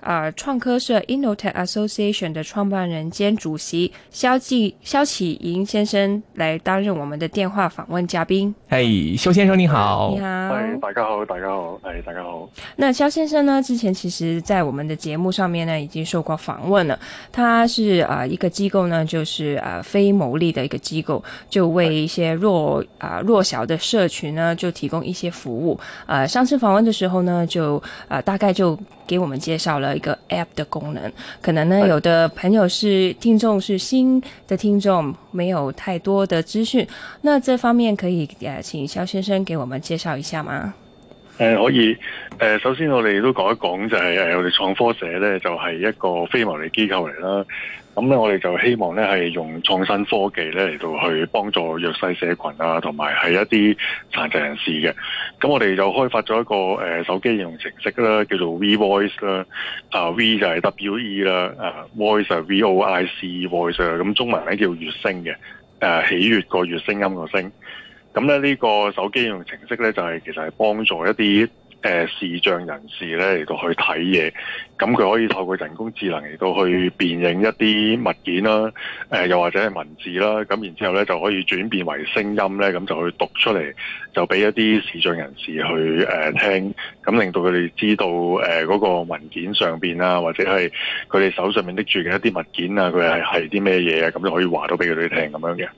呃，創科社 （Innotech Association） 的創辦人兼主席肖繼肖啟瑩先生來擔任我們的電話訪問嘉賓。嘿、hey, 肖先生你好！你好！哎、hey,，大家好，大家好！哎、hey,，大家好！那肖先生呢，之前其實在我們的節目上面呢，已經受過訪問了。他是呃一個機構呢，就是呃非牟利的一個機構，就為一些弱啊、呃、弱小的社群呢，就提供一些服務。呃，上次訪問的時候呢，就啊、呃、大概就。給我們介紹了一個 App 的功能，可能呢有的朋友是聽眾是新的聽眾，沒有太多的資訊，那這方面可以呃請蕭先生給我們介紹一下嗎？誒、呃、可以，誒、呃、首先我哋都講一講就係、是、誒、呃、我哋創科社咧就係、是、一個非牟利的機構嚟啦。咁咧，我哋就希望咧係用創新科技咧嚟到去幫助弱勢社群啊，同埋係一啲殘疾人士嘅。咁我哋就開發咗一個誒手機應用程式啦，叫做 V Voice 啦，啊 V 就係 W E 啦，Voice 係 V O I C E Voice 咁中文咧叫「悅聲」嘅，喜悅個悅，聲音個聲。咁咧呢個手機應用程式咧就係其實係幫助一啲，誒、呃、視像人士咧嚟到去睇嘢，咁佢可以透過人工智能嚟到去辨認一啲物件啦，誒、呃、又或者係文字啦，咁然之後咧就可以轉變為聲音咧，咁就去讀出嚟，就俾一啲視障人士去誒、呃、聽，咁令到佢哋知道誒嗰、呃那個文件上面啊，或者係佢哋手上面拎住嘅一啲物件啊，佢係係啲咩嘢啊，咁就可以話到俾佢哋聽咁樣嘅。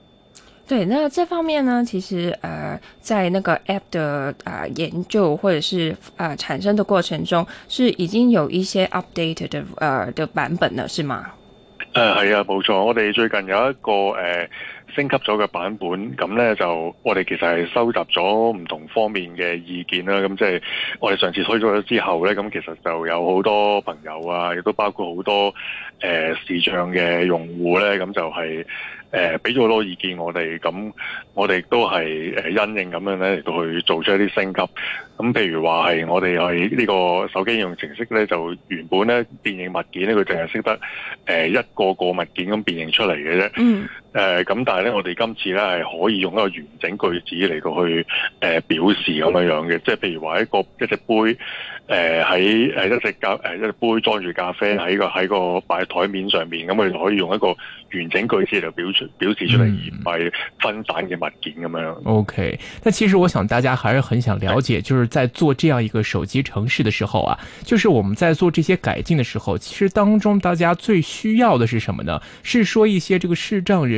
對，那這方面呢，其實，誒、呃，在那個 app 的誒、呃、研究或者是誒、呃、產生的過程中，是已經有一些 update 的呃的版本了，是嗎？誒係啊，啊、冇錯，我哋最近有一個誒、呃、升級咗嘅版本，咁呢就我哋其實係收集咗唔同方面嘅意見啦，咁即係我哋上次推咗之後呢，咁其實就有好多朋友啊，亦都包括好多誒、呃、視像嘅用戶呢，咁就係、是。誒、呃，俾咗好多意見我哋，咁我哋都係誒，因應咁樣咧嚟到去做出一啲升級。咁譬如話係我哋係呢個手機應用程式咧，就原本咧辨認物件咧，佢淨係識得誒一個個物件咁辨認出嚟嘅啫。嗯誒、呃，咁但係咧，我哋今次咧係可以用一個完整句子嚟到去誒、呃、表示咁樣樣嘅，即係譬如話一個一隻杯，誒喺誒一隻咖誒一隻杯裝住咖啡喺個喺個擺台面上面，咁我哋可以用一個完整句子嚟表出表示出嚟而唔係分散嘅物件咁樣。OK，但其實我想大家還是很想了解，就是在做這樣一個手機程式的時候啊，就是我們在做這些改進的時候，其實當中大家最需要的是什麼呢？是說一些這個視障人。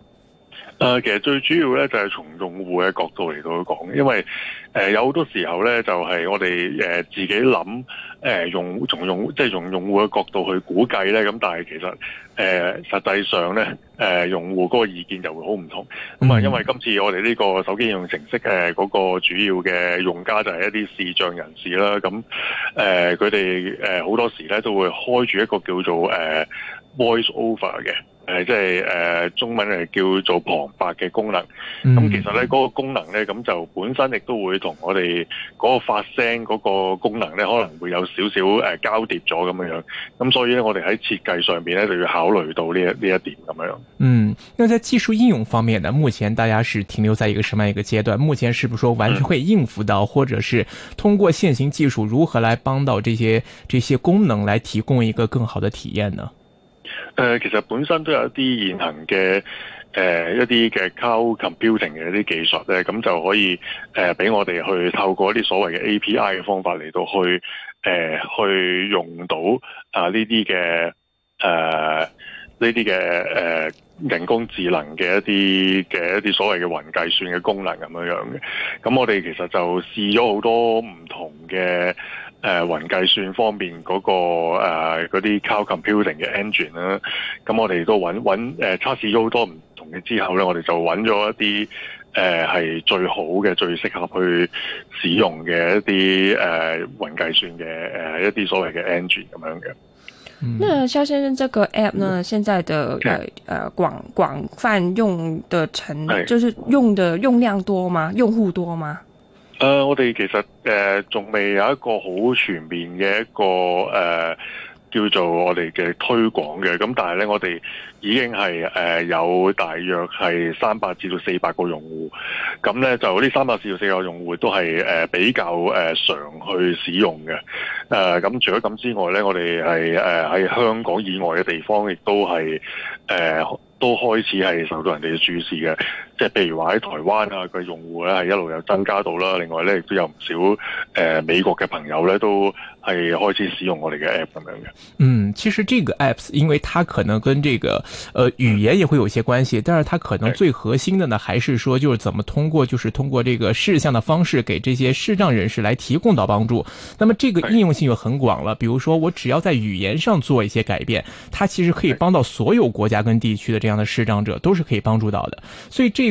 啊、其實最主要咧就係、是、從用戶嘅角度嚟到講，因為誒、呃、有好多時候咧就係、是、我哋、呃、自己諗誒、呃、用從用即係從用戶嘅角度去估計咧，咁但係其實誒、呃、實際上咧誒、呃、用戶嗰個意見就會好唔同，咁、嗯、啊因為今次我哋呢個手機應用程式誒嗰、呃那個主要嘅用家就係一啲視障人士啦，咁誒佢哋誒好多時咧都會開住一個叫做誒、呃、VoiceOver 嘅。誒、呃，即係誒、呃，中文係叫做旁白嘅功能。咁、嗯、其實咧，嗰、那個功能咧，咁就本身亦都會同我哋嗰個發聲嗰個功能咧，可能會有少少誒、呃、交疊咗咁樣樣。咁所以咧，我哋喺設計上面咧，就要考慮到呢一呢一點咁樣。嗯，那在技術應用方面呢，目前大家是停留在一個什麼樣一個階段？目前是不是說完全會應付到、嗯，或者是通過現行技術如何來幫到這些這些功能來提供一個更好的體驗呢？誒、呃，其實本身都有一啲現行嘅誒、呃、一啲嘅 cloud computing 嘅一啲技術咧，咁就可以誒俾、呃、我哋去透過一啲所謂嘅 API 嘅方法嚟到去誒、呃、去用到啊呢啲嘅誒呢啲嘅誒人工智能嘅一啲嘅一啲所謂嘅雲計算嘅功能咁樣樣嘅，咁我哋其實就試咗好多唔同嘅。誒、呃，雲計算方面嗰、那個誒，嗰、呃、啲 cloud computing 嘅 engine 啦、啊，咁、嗯、我哋都揾揾誒，測試咗好多唔同嘅之後咧，我哋就揾咗一啲誒係最好嘅、最適合去使用嘅一啲誒雲計算嘅誒、呃、一啲所謂嘅 engine 咁樣嘅、嗯。那肖先生，這個 app 呢，現在的誒廣廣泛用的成，就是用的用量多嗎？用戶多嗎？誒、uh，我哋其實誒仲未有一個好全面嘅一個誒、uh，叫做我哋嘅推廣嘅，咁但係呢，我哋已經係誒、uh，有大約係三百至到四百個用戶，咁呢，就呢三百至到四百個用戶都係誒、uh，比較誒常去使用嘅，誒、uh，咁除咗咁之外呢，我哋係誒喺香港以外嘅地方亦都係誒、uh，都開始係受到人哋嘅注視嘅。即係譬如話喺台灣啊嘅用戶咧，係一路有增加到啦，另外咧亦都有唔少誒美國嘅朋友咧都係開始使用我哋嘅 app 咁樣嘅。嗯，其實這個 apps，因為它可能跟這個誒、呃、語言也會有些關係，但是它可能最核心的呢，是還是說就是怎麼通過，就是通過這個視像的方式，給這些視障人士來提供到幫助。那麼這個應用性就很廣啦，比如說我只要在語言上做一些改變，它其實可以幫到所有國家跟地區的這樣的視障者都是可以幫助到的。所以這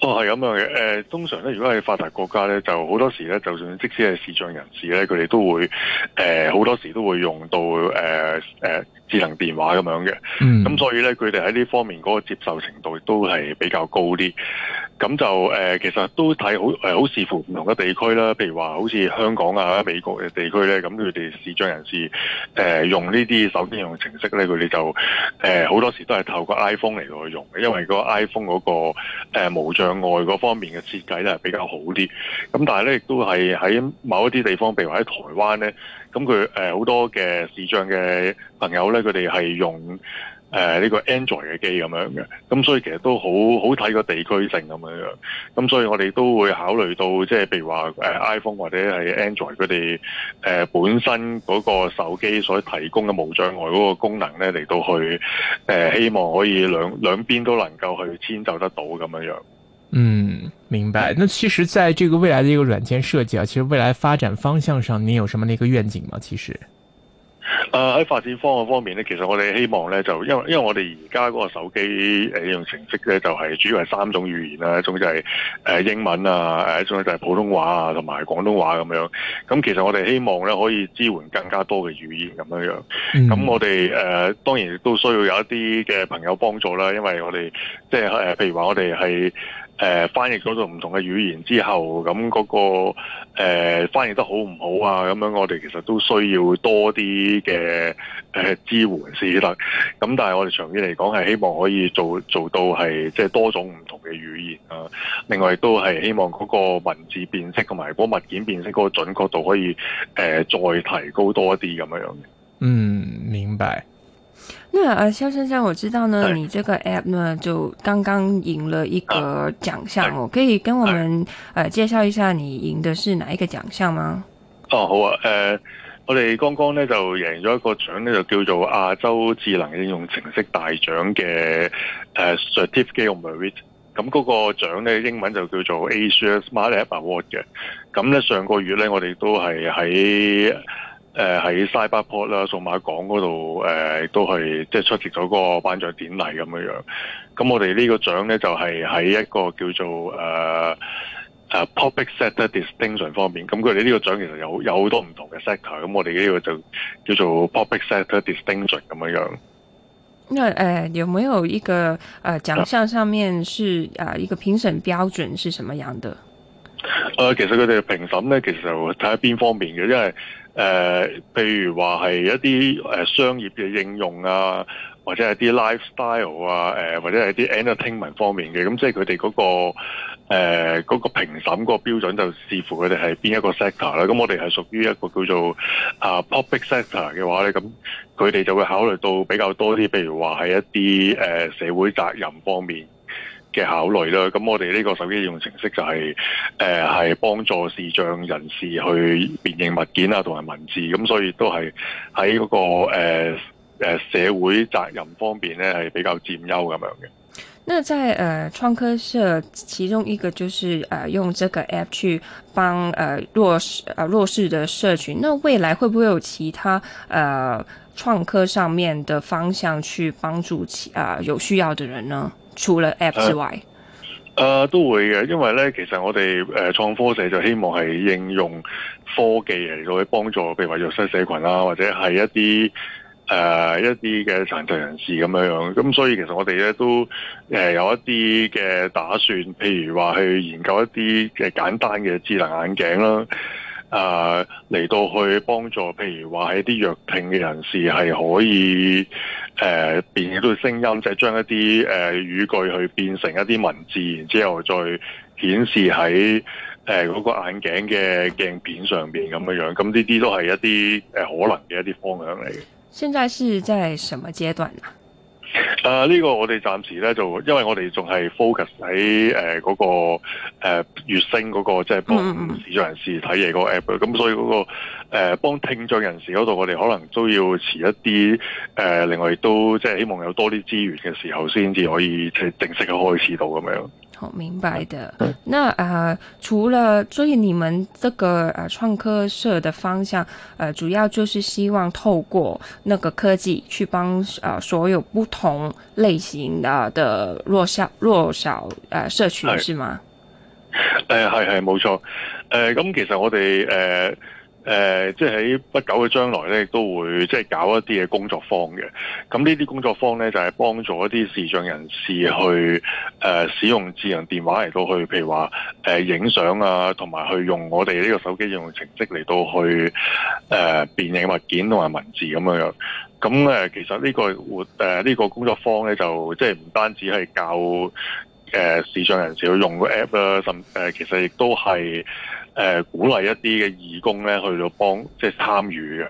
哦，係咁樣嘅。誒、呃、通常咧，如果係發達國家咧，就好多時咧，就算即使係視障人士咧，佢哋都會誒好、呃、多時都會用到誒誒、呃呃、智能電話咁樣嘅。嗯。咁、嗯、所以咧，佢哋喺呢方面個接受程度都係比較高啲。咁就誒、呃、其實都睇好誒好視乎唔同嘅地區啦。譬如話好似香港啊、美國嘅地區咧，咁佢哋視障人士誒、呃、用呢啲手機應用程式咧，佢哋就誒好、呃、多時都係透過 iPhone 嚟到去用嘅，因為個 iPhone、嗰個誒無障。呃無外嗰方面嘅設計咧係比較好啲，咁但係咧亦都係喺某一啲地方，譬如話喺台灣咧，咁佢好多嘅視障嘅朋友咧，佢哋係用誒呢個 Android 嘅機咁樣嘅，咁所以其實都好好睇個地區性咁樣，咁所以我哋都會考慮到即係譬如話 iPhone 或者係 Android 佢哋誒本身嗰個手機所提供嘅無障礙嗰個功能咧，嚟到去誒希望可以兩兩邊都能夠去遷就得到咁樣。嗯，明白。那其實，在這個未來的一個軟件設計啊，其實未來發展方向上，你有什麼那個願景嗎？其、呃、實，誒喺發展方向方面咧，其實我哋希望咧就因為因為我哋而家嗰個手機誒用、呃、程式咧就係、是、主要係三種語言啦，一種就係誒英文啊，誒一種就係普通話啊，同埋廣東話咁樣。咁、嗯、其實我哋希望咧可以支援更加多嘅語言咁樣樣。咁我哋誒、呃、當然亦都需要有一啲嘅朋友幫助啦，因為我哋即係譬如話我哋係。誒、呃，翻譯嗰度唔同嘅語言之後，咁、嗯、嗰、那個誒、呃、翻譯得好唔好啊？咁樣我哋其實都需要多啲嘅誒支援先得。咁但係我哋長遠嚟講，係希望可以做做到係即係多種唔同嘅語言啊。另外亦都係希望嗰個文字辨識同埋嗰個物件辨識嗰個準確度可以誒、呃、再提高多啲咁樣樣嘅。嗯，明白。那啊，肖、呃、先生，我知道呢，你這個 app 呢就剛剛贏了一個獎項，我、啊、可以跟我們誒、啊呃、介紹一下你贏的是哪一個獎項嗎？哦、啊，好啊，誒、呃，我哋剛剛咧就贏咗一個獎咧，就叫做亞洲智能應用程式大獎嘅誒 Certificate 咁嗰個獎咧，英文就叫做 Asia Smart App Award 嘅，咁咧上個月咧我哋都係喺。誒、呃，喺 Cyberport 啦、數碼港嗰度，誒、呃，都係即係出席咗個頒獎典禮咁樣樣。咁我哋呢個獎咧就係、是、喺一個叫做誒誒、呃啊、Public Sector Distinction 方面。咁佢哋呢個獎其實有有好多唔同嘅 sector。咁我哋呢個就叫做 Public Sector Distinction 咁樣樣。那誒、呃，有冇有一個誒獎項上面是啊、呃、一個評審標準是什麼樣的？誒、呃，其實佢哋評審咧，其實就睇下邊方面嘅，因為。誒、呃，譬如話係一啲商業嘅應用啊，或者係啲 lifestyle 啊，呃、或者係啲 entertainment 方面嘅，咁即係佢哋嗰個誒嗰、呃嗰個評審嗰個標準就視乎佢哋係邊一個 sector 啦、啊。咁我哋係屬於一個叫做啊 public sector 嘅話咧，咁佢哋就會考慮到比較多啲，譬如話係一啲誒社會責任方面嘅考慮啦，咁我哋呢個手機應用程式就係誒係幫助視障人士去辨認物件啊，同埋文字，咁所以都係喺嗰個誒、呃、社會責任方面咧，係比較佔優咁樣嘅。那在呃創科社其中一個就是，呃、用這個 app 去幫、呃、弱勢、呃，弱勢的社群。那未來會不會有其他，呃創科上面的方向去幫助，啊、呃、有需要的人呢？除了 app 之外，誒、呃呃、都會嘅，因為咧其實我哋誒創科社就希望係應用科技嚟到去幫助，譬如話弱勢社群啦、啊，或者係一啲。誒、呃、一啲嘅殘疾人士咁樣樣，咁所以其實我哋咧都誒有一啲嘅打算，譬如話去研究一啲嘅簡單嘅智能眼鏡啦，誒、呃、嚟到去幫助，譬如話喺啲弱聽嘅人士係可以誒、呃、辨認到聲音，即係將一啲誒語句去變成一啲文字，然之後再顯示喺誒嗰個眼鏡嘅鏡片上面咁樣樣，咁呢啲都係一啲可能嘅一啲方向嚟嘅。現在是在什麼階段啊？誒、啊，呢、這個我哋暫時咧就，因為我哋仲係 focus 喺誒嗰個誒、呃、月星嗰、那個，即係幫視障人士睇嘢個 app，咁、嗯嗯嗯、所以嗰、那個誒幫、呃、聽障人士嗰度，我哋可能都要遲一啲，誒、呃、另外亦都即係、就是、希望有多啲資源嘅時候，先至可以即係正式去開始到咁樣。好，明白的。嗯、那啊、呃，除了所以你們這個、呃、創科社的方向、呃，主要就是希望透過那個科技去幫啊、呃、所有不同類型的、的弱小弱小呃社群，是嗎？誒、呃，係係冇錯。誒、呃，咁其實我哋誒。呃誒、呃，即係喺不久嘅將來咧，亦都會即係搞一啲嘅工作坊嘅。咁呢啲工作坊咧，就係、是、幫助一啲視障人士去誒、呃、使用智能電話嚟到去，譬如話誒影相啊，同埋去用我哋呢個手機應用程式嚟到去誒、呃、辨認物件同埋文字咁樣樣。咁誒，其實呢、這個活誒呢個工作坊咧，就即係唔單止係教誒、呃、視障人士去用個 app 啦，甚、呃、誒，其實亦都係。誒、呃、鼓勵一啲嘅義工咧去到幫即係參與嘅，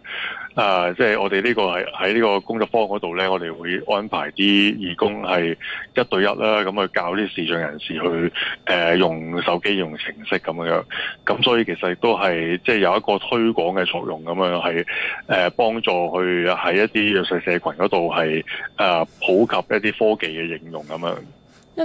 啊即係我哋呢、呢個係喺呢個工作坊嗰度咧，我哋會安排啲義工係一對一啦，咁、啊、去教啲視障人士去誒、呃、用手機用程式咁樣，咁、啊、所以其實亦都係即係有一個推廣嘅作用咁樣，係誒、呃、幫助去喺一啲弱勢社群嗰度係啊普及一啲科技嘅應用咁樣。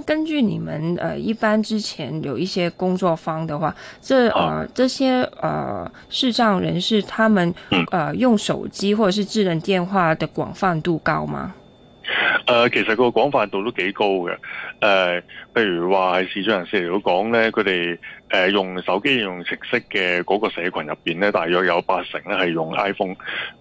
根據你們，誒、呃，一般之前有一些工作方的話，這，誒、呃，這些，誒、呃，視障人士，他們，誒、嗯呃，用手機或者是智能電話的廣泛度高嗎？誒、呃，其實個廣泛度都幾高嘅。誒、呃，譬如話喺視障人士如果講咧，佢哋，誒、呃，用手機應用程式嘅嗰個社群入邊咧，大約有八成咧係用 iPhone，誒、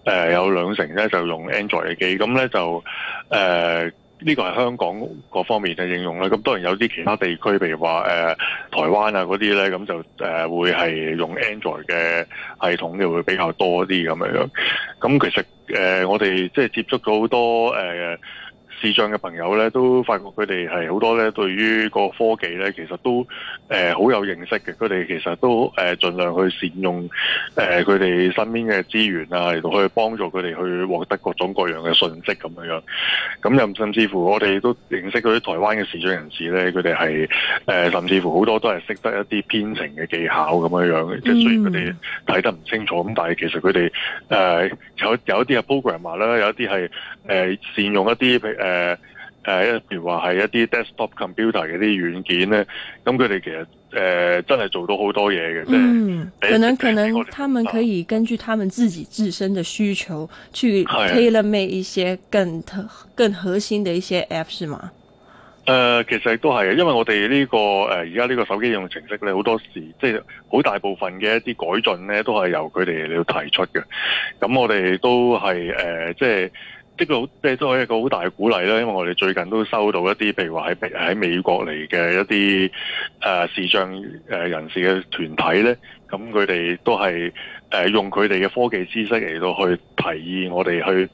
呃，有兩成咧就用 Android 嘅機，咁咧就，誒、呃。呢、這個係香港各方面嘅應用啦，咁當然有啲其他地區，譬如話誒、呃、台灣啊嗰啲咧，咁就誒、呃、會係用 Android 嘅系統嘅會比較多啲咁樣樣。咁其實誒、呃、我哋即係接觸咗好多誒、呃視障嘅朋友咧，都發覺佢哋係好多咧，對於個科技咧，其實都誒好有認識嘅。佢哋其實都誒盡量去善用誒佢哋身邊嘅資源啊，嚟到去幫助佢哋去獲得各種各樣嘅訊息咁樣樣。咁又甚至乎我哋都認識嗰啲台灣嘅視障人士咧，佢哋係誒甚至乎好多都係識得一啲編程嘅技巧咁樣樣。即係雖然佢哋睇得唔清楚，咁但係其實佢哋誒有有一啲係 programmer 啦，有一啲係誒善用一啲誒。誒、呃、誒，譬如話係一啲 desktop computer 嘅啲軟件咧，咁佢哋其實誒、呃、真係做到好多嘢嘅啫。嗯，可能可能，他們可以根據他們自己自身嘅需求去 tailor made 一些更特更核心嘅一些 apps 係咪？誒、呃，其實亦都係，因為我哋呢、這個誒而家呢個手機應用程式咧，好多時即係好大部分嘅一啲改進咧，都係由佢哋嚟提出嘅。咁、嗯、我哋都係誒、呃、即係。呢個即係都係一個好大嘅鼓勵啦。因為我哋最近都收到一啲，譬如話喺喺美國嚟嘅一啲誒視障誒人士嘅團體咧，咁佢哋都係誒用佢哋嘅科技知識嚟到去，提議我哋去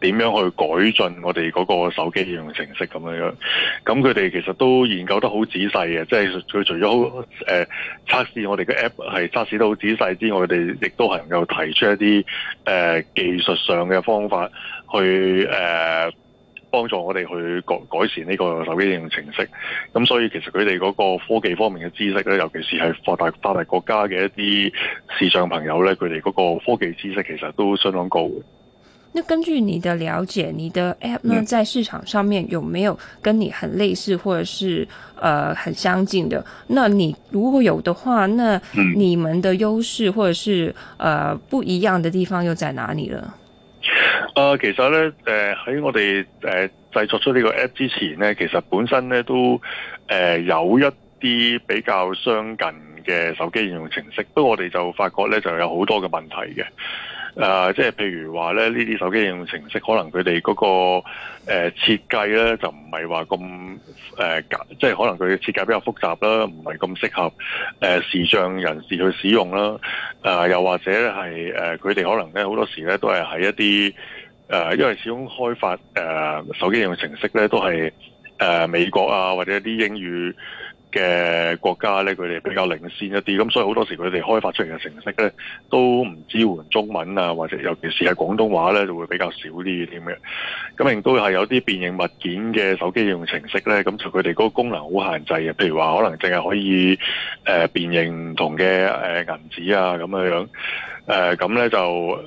點樣去改進我哋嗰個手機應用程式咁樣樣，咁佢哋其實都研究得好仔細嘅，即係佢除咗好誒測試我哋嘅 app 係測試得好仔細之外，佢哋亦都係能夠提出一啲誒、呃、技術上嘅方法去誒。呃幫助我哋去改改善呢個手機應用程式，咁所以其實佢哋嗰個科技方面嘅知識咧，尤其是係發達發達國家嘅一啲時尚朋友咧，佢哋嗰個科技知識其實都相當高嘅。那根據你的了解，你的 app 呢在市場上面有沒有跟你很類似，或者是呃很相近的？那你如果有的話，那你們的優勢，或者是呃不一樣的地方又在哪裡呢？啊，其實咧，誒喺我哋誒製作出呢個 App 之前咧，其實本身咧都誒有一啲比較相近嘅手機應用程式，不過我哋就發覺咧就有好多嘅問題嘅。啊、呃，即係譬如話咧，呢啲手機應用程式可能佢哋嗰個誒、呃、設計咧，就唔係話咁誒即係可能佢嘅設計比較複雜啦，唔係咁適合誒、呃、時尚人士去使用啦。啊、呃，又或者係誒佢哋可能咧好多時咧都係喺一啲誒、呃，因為始終開發誒、呃、手機應用程式咧都係誒、呃、美國啊，或者一啲英語。嘅國家咧，佢哋比較領先一啲，咁所以好多時佢哋開發出嚟嘅程式咧，都唔支援中文啊，或者尤其是係廣東話咧，就會比較少啲嘅。咁亦都係有啲變形物件嘅手機應用程式咧，咁就佢哋嗰個功能好限制嘅，譬如話可能淨係可以誒變形唔同嘅誒銀紙啊咁樣樣，誒咁咧就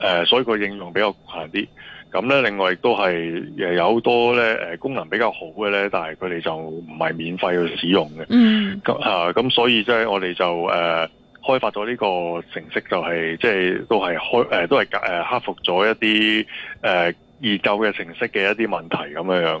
誒所以個應用比較限啲。咁咧，另外亦都係有好多咧功能比較好嘅咧，但係佢哋就唔係免費去使用嘅。嗯，咁啊，咁所以即係我哋就誒開發咗呢個程式，就係，就係即係都係開都係克服咗一啲誒易舊嘅程式嘅一啲問題咁樣樣。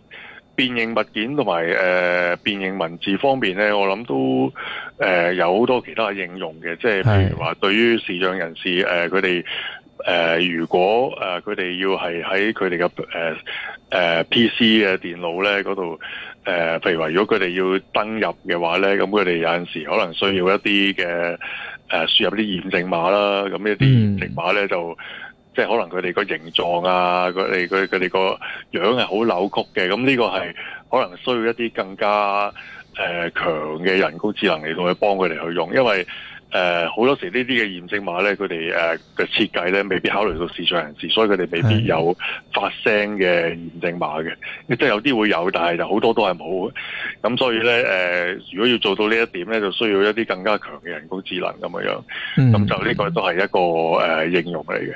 辨認物件同埋誒辨認文字方面咧，我諗都誒有好多其他應用嘅，即係譬如話對於視障人士誒佢哋誒如果誒佢哋要係喺佢哋嘅誒誒 PC 嘅電腦咧嗰度誒，譬如話如果佢哋要登入嘅話咧，咁佢哋有陣時可能需要一啲嘅誒輸入啲驗證碼啦，咁呢啲驗證碼咧就，嗯即係可能佢哋個形狀啊，佢哋佢佢哋個樣係好扭曲嘅，咁呢個係可能需要一啲更加誒、呃、強嘅人工智能嚟到去幫佢哋去用，因為誒好、呃、多時呢啲嘅驗證碼咧，佢哋誒嘅設計咧未必考慮到視障人士，所以佢哋未必有發聲嘅驗證碼嘅，即係有啲會有，但係就好多都係冇。咁所以咧誒、呃，如果要做到呢一點咧，就需要一啲更加強嘅人工智能咁樣，咁就呢個都係一個誒、呃、應用嚟嘅。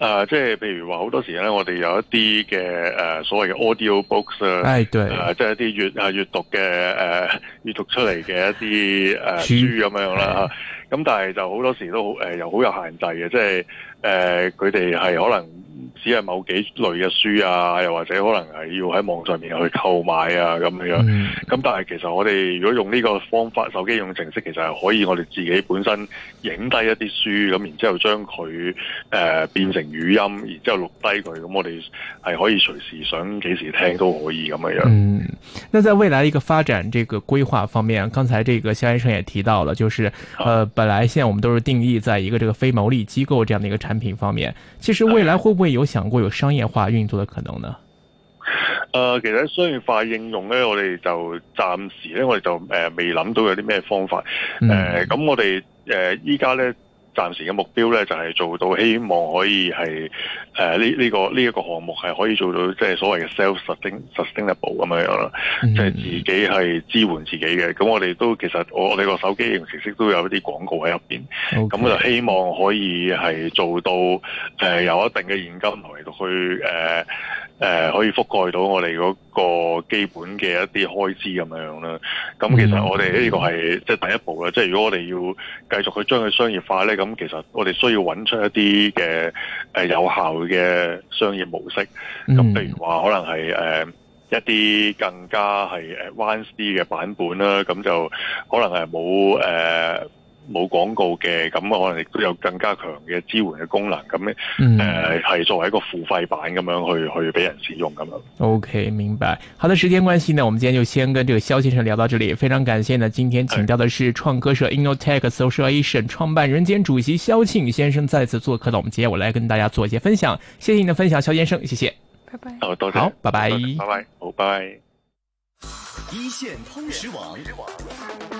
啊、呃，即係譬如話，好多時咧，我哋有一啲嘅誒所謂嘅 audio books 啊、哎、對，即係、呃就是、一啲閲啊閲讀嘅誒閲讀出嚟嘅一啲誒書咁樣啦嚇，咁但係就好多時都好誒又好有限制嘅，即係誒佢哋係可能。只係某幾類嘅書啊，又或者可能係要喺網上面去購買啊咁樣樣。咁但係其實我哋如果用呢個方法，手機用程式，其實係可以我哋自己本身影低一啲書，咁然之後將佢誒變成語音，然之後錄低佢，咁我哋係可以隨時想幾時聽都可以咁樣樣。嗯，那在未來一個發展，這個規劃方面，剛才這個肖醫生也提到了，就是，呃，本來現在我們都是定義在一個這個非牟利機構這樣的一個產品方面，其實未來會不會有？有冇想過有商業化運作嘅可能呢？誒、呃，其實商業化應用咧，我哋就暫時咧，我哋就誒未諗到有啲咩方法。誒、嗯，咁、呃、我哋誒依家咧。呃暫時嘅目標咧，就係、是、做到希望可以係誒呢呢個呢一、這個、項目係可以做到即係、就是、所謂嘅 self-sustainable 咁樣咯，即、mm-hmm. 係自己係支援自己嘅。咁我哋都其實我我哋個手機應用程式都有一啲廣告喺入邊，咁、okay. 我就希望可以係做到誒、就是、有一定嘅現金來到去誒誒、呃呃、可以覆蓋到我哋嗰個基本嘅一啲開支咁樣啦，咁其實我哋呢個係即係第一步啦。即如果我哋要繼續去將佢商業化咧，咁其實我哋需要揾出一啲嘅誒有效嘅商業模式。咁譬如話可能係誒一啲更加係誒 ONE C 啲嘅版本啦，咁就可能係冇誒。呃冇廣告嘅咁，可能亦都有更加強嘅支援嘅功能。咁呢係作為一個付費版咁樣去去俾人使用咁樣。OK，明白。好的，時間關係呢，我們今天就先跟這個肖先生聊到這裏。非常感謝呢，今天請到的是創科社 InnoTech Association 創辦人兼主席肖慶先生再次做客到我們節目，我來跟大家做一些分享。謝謝你的分享，肖先生，謝謝。拜拜。好，拜拜。拜拜。好，拜拜。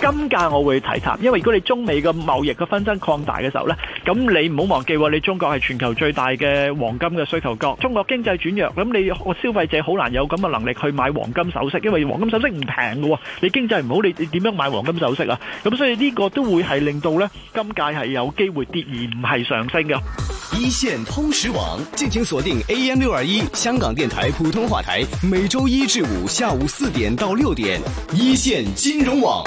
金價我會睇淡，因為如果你中美嘅貿易嘅紛爭擴大嘅時候呢，咁你唔好忘記你中國係全球最大嘅黃金嘅需求國，中國經濟轉弱，咁你消費者好難有咁嘅能力去買黃金首飾，因為黃金首飾唔平喎，你經濟唔好，你點樣買黃金首飾啊？咁所以呢個都會係令到呢金價係有機會跌而唔係上升嘅。一線通識網，敬請鎖定 AM 六二一香港電台普通話台，每周一至五下午四點到六點。一線金融網。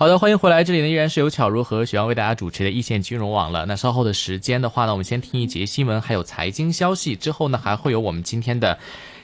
好的，歡迎回來，這裏呢依然是由巧如和喜歡為大家主持的一綫金融網了。那稍後的時間的話呢，我們先聽一節新聞，還有財經消息，之後呢還會有我們今天的。